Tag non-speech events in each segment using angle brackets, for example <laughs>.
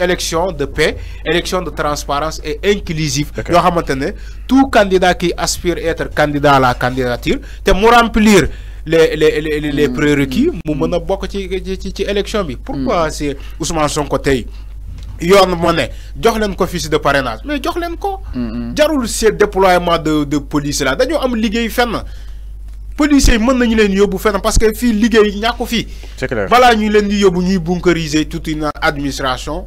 élection de paix élection de transparence et inclusive tout candidat qui aspire à être candidat à la candidature te mu remplir les les les les hmm. prérequis mu mën a hmm. bokk ci élection bi pourquoi hmm. c'est Ousmane Sonko tey yoon moo ne jox leen ko fiche de parrainage mais jox un ko jarul ces déploiement de de police là dañoo am police. fenn policiers yi mën nañu leen yóbbu fenn parce que fii liggéey ñàkku fii balaa ñu leen di Ils ñuy bunkeriser toute une administration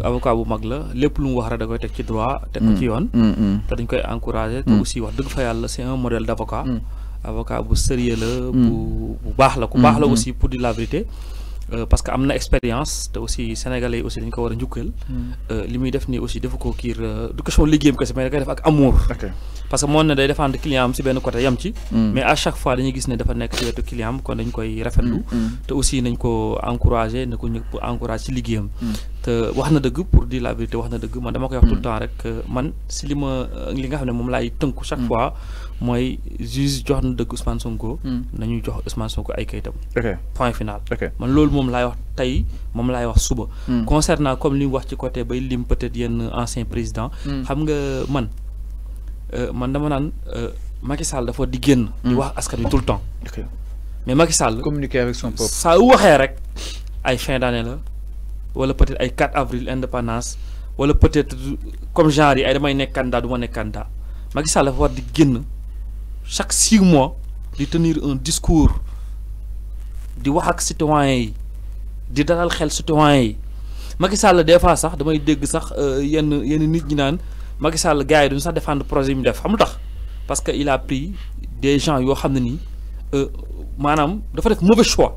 avocat bu mag la lépp lu mu wax rek da koy teg ci droit. teg ci mm. yoon. Mm, mm, te dañ koy encouragé. te aussi wax yàlla c'est un modèle d'avocat. avocat bu sérieux la. bu baax la ku baax la aussi pour dire la euh, parce que am na expérience te aussi sénégalais yi aussi ko war a euh, li muy def nii aussi dafa ko kiir euh, du question liggéeyam kese mais da koy def ak amour. que moom ne day défendre client am si benn côté yam ci. mais à fois dañuy gis ne dafa nekk ci wetu client kon dañ koy rafetlu. te aussi nañ ko encourager na ko ñëpp encourager ci liggéeyam. wax na dëgg pour di la vérité wax na dëgg man dama koy wax tout le mm. temps man si li ma euh, li nga xam ne moom laay tënku chaque mm. fois mooy juge jox na dëgg Ousmane Sonko. Mm. nañu jox Ousmane Sonko ay kayitam. point final. man loolu moom laay wax tey moom laay wax suba. concernant comme li wax ci côté bay liim peut-être yenn ancien président. xam nga man euh, man dama naan euh, Macky Sall dafa di génn. di wax askan wi tout le temps. mais Macky Sall. communiquer avec son peuple saa waxee rek ay fin d'année la. wala peut-être ay 4 avril indépendance wala peut-être comme genre yi ay damay nek candidat du ma nekk candidat Macky Sall dafa war di guen chaque 6 mois di tenir un discours di wax ak citoyens yi di dalal xel citoyens yi Macky Sall des fois sax damay deg sax euh, yenn yenn nit ñi nan Macky Sall gars duñ sax défendre projet yi def xam lu tax parce que il a pris des gens yo xamni euh manam dafa def mauvais choix.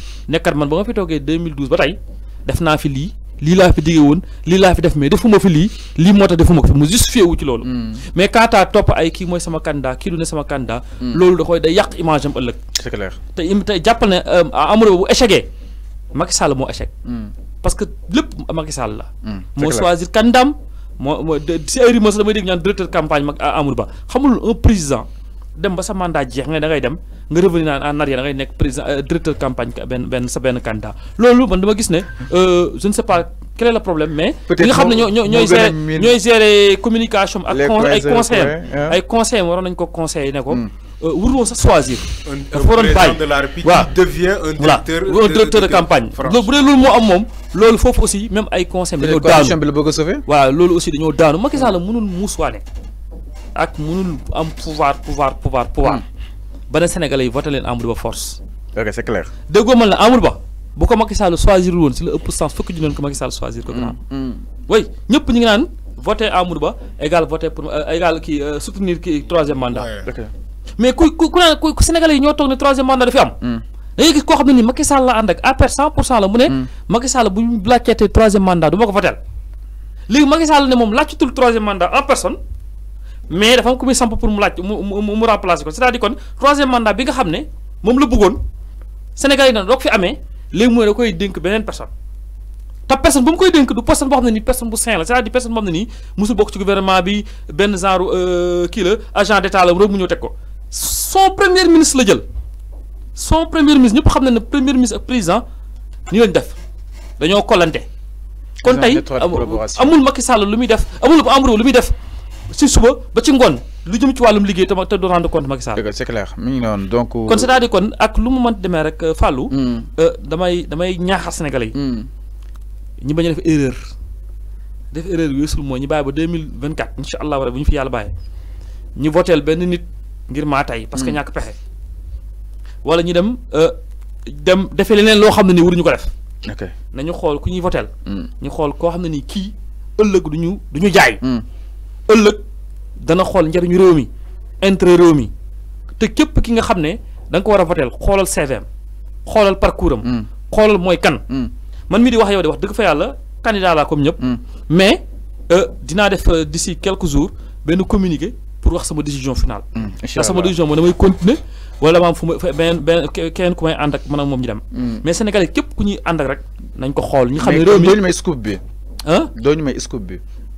nekkat man ba ma fi toogee 2012 ba tey def naa fi lii lii laa fi digee woon lii laa fi def mais defuma fi lii lii moo tax defuma ko fi mu justifié wu ci loolu. Hmm. mais kaataa topp ay kii mooy sama kandaa kii du ne sama candidat. Hmm. loolu da koy day yàq image am ëllëg. c'est te im te jàppal ne euh, Amadou bu échecgee Macky Sall moo échec. Hmm. parce que lépp Macky Sall la. moo choisir candidat am moo moo si ay rumeurs damay dégg ñaan directeur campagne mag Amadou Ba xamul un président. dem ba sa mandat jeex nga ne da dem nga revenir en arrière ah, da ngay nekk président euh, directeur campagne benn benn sa benn candidat loolu man dama gis ne euh, je ne sais pas quel est problème mais. peut-être nga xam ne ñoo ñoo ñooy gérer ñooy gérer communication ak. ay ay conseils waroon nañu ko conseiller ne ko. Hmm. Euh, waruloo sax choisir. dafa waroon bàyyi waaw devient un loolu bu dee loolu aussi ay conseils. dañoo daanu bi la bëgg a sauver. waaw loolu ak mënul am pouvoir pouvoir pouvoir pouvoir hmm. ba na Sénégalais yi voté leen Amadou Ba force. ok c'est clair. déggoo man la Amadou Ba bu ko Macky Sall choisir woon si le ëpp sens fukki junne ko Macky Sall choisir ko. Hmm, grand way hmm. ñëpp ñu ngi naan voter Amadou Ba égal voter pour euh, égal kii euh, soutenir kii troisième mandat. mais ku ku ku naan ku Sénégalais yi ñoo toog ne troisième mandat dafi am. da ngay gis koo xam ne ni Macky Sall la ànd ak APR 100 pour cent la mu ne. Macky Sall bu ñu laajteetee troisième mandat du ma ko voté léegi Macky Sall ne moom laajtutul troisième mandat en personne. mais dafa am ku muy samp pour mu laaj mu mu remplacer c'est-à-dire kon troisième mandat bi nga xam ne moom la bëggoon Sénégal yi nag doo ko fi amee léegi mooy da koy dénk beneen personne te personne bu mu koy dénk du personne boo xam ne nii personne bu sain la c'est-à-dire personne boo xam bokk ci gouvernement bi benn genre euh, kii la agent d'état la rek mu ñëw teg ko son premier ministre la jël son premier ministre ñëpp xam na ne premier ministre ak président ni lañ def dañoo kollante kon tey amul Macky Sall lu muy def amul Amadou lu muy def si suba ba ci ngoon lu jëm ci wàllum liggéey te doo rendre compte Macky Sall. dëgg c'est clair mi euh, kon cest kon ak lu mu mënti demee rek euh, fàllu hmm. euh, damay damay ñaaxal Sénégalais yi. Hmm. ñi bañ a def erreur. def erreur yu weesul mooy ñu bàyyi ba deux mille vingt quatre incha allah war bu ñu fi yàlla bàyyi ñu voteel benn nit ngir maa tey parce que hmm. ñàkk pexe. wala ñu dem dem defee leneen loo xam ne nii waruñu ko def. ok nañu xool ku ñuy voteel. ñu xool koo xam ne nii kii ëllëg du ñu du ñu jaay. ëllëg dana xool njëriñu réew mi intérêt réew mi te képp ki nga xam ne da nga ko war a voteel xoolal CVM xoolal parcours am. Mm. xoolal mooy kan. Mm. man mi di wax yow de wax dëgg fa yàlla candidat laa comme ñëpp. Mm. mais euh, dinaa def euh, d'ici quelques jours benn communiqué pour wax sama décision finale. incha sama décision mooy damay continuer wala maam fu ma benn benn keneen ku may ànd ak maanaam moom ñu dem. mais Sénégalais képp ku ñuy ànd ak rek nañ ko xool. ñu xam ne réew mi mais doo ñu may scoop bi. ah hein? doo ñu may scoop bi.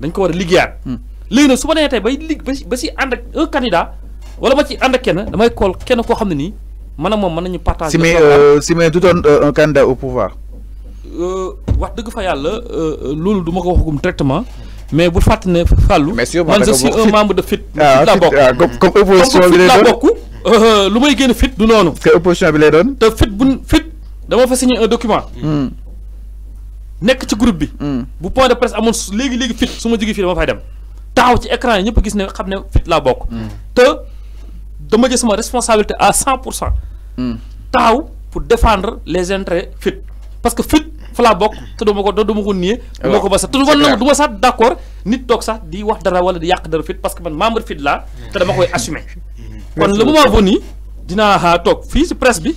dañ ko war a liggéeyaat. Hmm. léegi nag su ma nee tey bay lig ba si ba si ànd ak un candidat wala ma ci ànd ak kenn damay kool kenn koo xam ne nii man moom mën nañu partager. si mais mais du doon un candidat au euh, wax dëgg fa yàlla euh, loolu du ma ko waxagum mais bu fàttali ne fàllu. mais man membre de FIT. ah FIT ah, euh, lu may génn FIT noonu. que doon. te FIT bu FIT dama fa signé un document. Hmm. nek ci groupe bi. Mm. bu point de presse amone léegi léegi fit suma ma fi dama fay dem taw ci écran yi gis ne xamne ne fit la bok mm. te dama jé sama responsabilité à 100 hmm taw pour défendre les intérêts fit parce que fit fa la bok te dama ko dama ko nié. dama ko bassa sax won na ma sax d'accord nit tok sax di wax dara wala di yak dara fit parce que man membre fit la te dama koy assumer mm. kon le moment venu ha tok fi ci presse bi.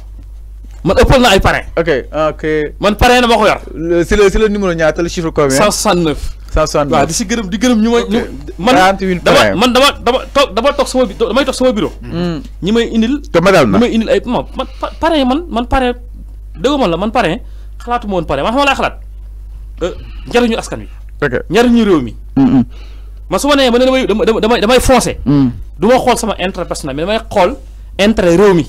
man ëppal na ay parrain. ok ok man parrain na ma ko yor. si la si la numéro ñaata la chiffre combien. 169. 169 waaw di si gërëm di gërëm ñu may. man dama man dama dama toog dama toog sama damay toog sama bureau. Mm. ñi may indil. te ma na may indil ay man parrain man man parrain dëgg man la man parrain xalaatu woon parrain man xam laa xalaat euh, njariñu askan wi. ok njariñu réew mi. Mm, mm. man su ma nee ma ne damay damay damay foncé. du ma xool sama intérêt personnel mais damay xool intérêt réew mi.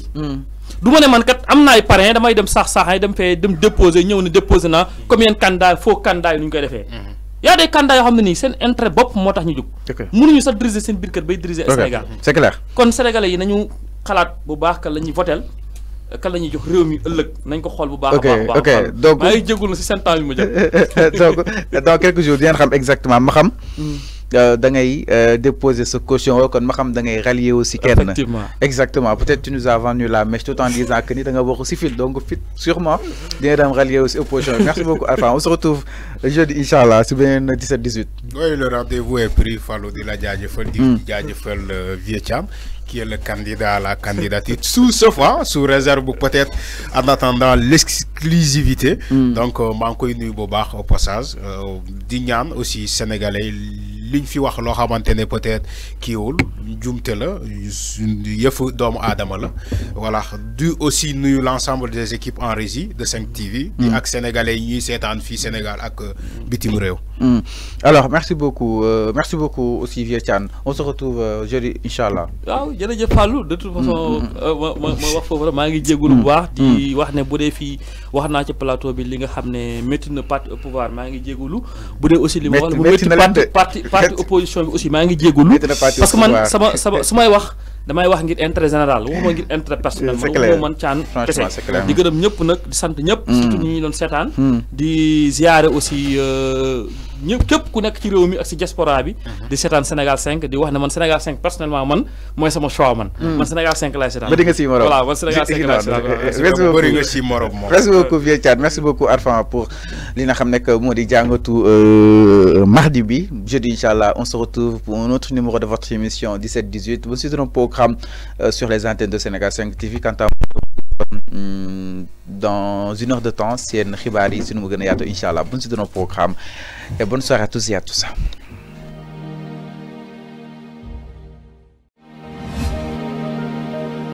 du ma ne man kat am na ay parrain damay dem sax saxay dem fee dem déposer ñëw ne déposer naa combien de candidats faux candidats yi nu ñu koy defee. Mhm. y a des candidats yoo xam nii seen intérêt bopp moo tax ñu jug. mënuñu sax diriger seen biir kër bay diriger. Sénégal c'est clair. kon sénégalais yi nañu xalaat bu baax ka la ñuy votel kan la ñuy jox réew mi ëllëg nañ ko xool bu baax. ok ok donc maa ngi jégalu si seen temps yu ma jot. <laughs> donc dans quelques jours di xam exactement ma xam. Mm. Euh, da euh, déposer ce caution kon ma xam rallier aussi kenn. exactement, exactement peut-être tu nous as vendu la mèche tout en disant que ni da nga bokk donc fit sûrement dina dam rallier aussi opposition merci beaucoup Alpha on se retrouve jeudi Inch'Allah, c'est bien 17 18. oui le rendez-vous est pris fallo de la jaajëfal. di hmm. jaajëfal euh, Vieux Vietcham qui est le candidat à la candidature <laughs> sous ce fois sous réserve peut-être en attendant l'exclusivité hmm. donc maa ngi koy nuyu au passage d'Ignan, aussi sénégalais liñ fi wax lo xamantene peut-être ki kiiwul jumte la yef doomu aadama la voilà du aussi nuyu l'ensemble des équipes en régie de 5 TV. di mm. ak sénégalais yi sétane fi Sénégal ak euh, bitim rew réew. Mm. alors merci beaucoup euh, merci beaucoup aussi Vietiane on se retrouve euh, jeudi incha allah. waaw jërëjëf Fallou de toute façon. Mm, euh, ma ma wax foofu rek maa ngi jégalu bu baax. di wax ne boudé fi fii wax naa ci plateau bi li nga xam ne métti na parti pouvoir ma ngi jégalu boudé aussi li ma wax. métti na parti parti. parti opposition bi aussi maa ngi jégalu parce que man sama sama may wax damay wax ngir intérêt général waxuma ngir intérêt personnel waxuma man caan kese di gërëm ñëpp nag di sant ñëpp surtout mm. ñi ñu doon seetaan mm. di ziyaare aussi euh, Nous, képp ku nek ci réew mi ak ci diaspora bi. Mhm. di Sénégal 5 di wax né man Sénégal 5 personnellement man moy sama choix man. Mm. man Sénégal 5 la seetaan. voilà Sénégal 5 merci beaucoup merci beaucoup Vieux merci beaucoup Arfan pour li nga xamné que modi jangatu euh mardi bi jeudi Inch'Allah, on se retrouve pour un autre numéro de votre émission 17 18 vous suivez un programme euh, sur les antennes de Sénégal 5 TV quant à hmm, dans une heure de temps c'est une ribari, suñu mu gën inchallah bon incha programme. É bonne soirée à tous et à tous.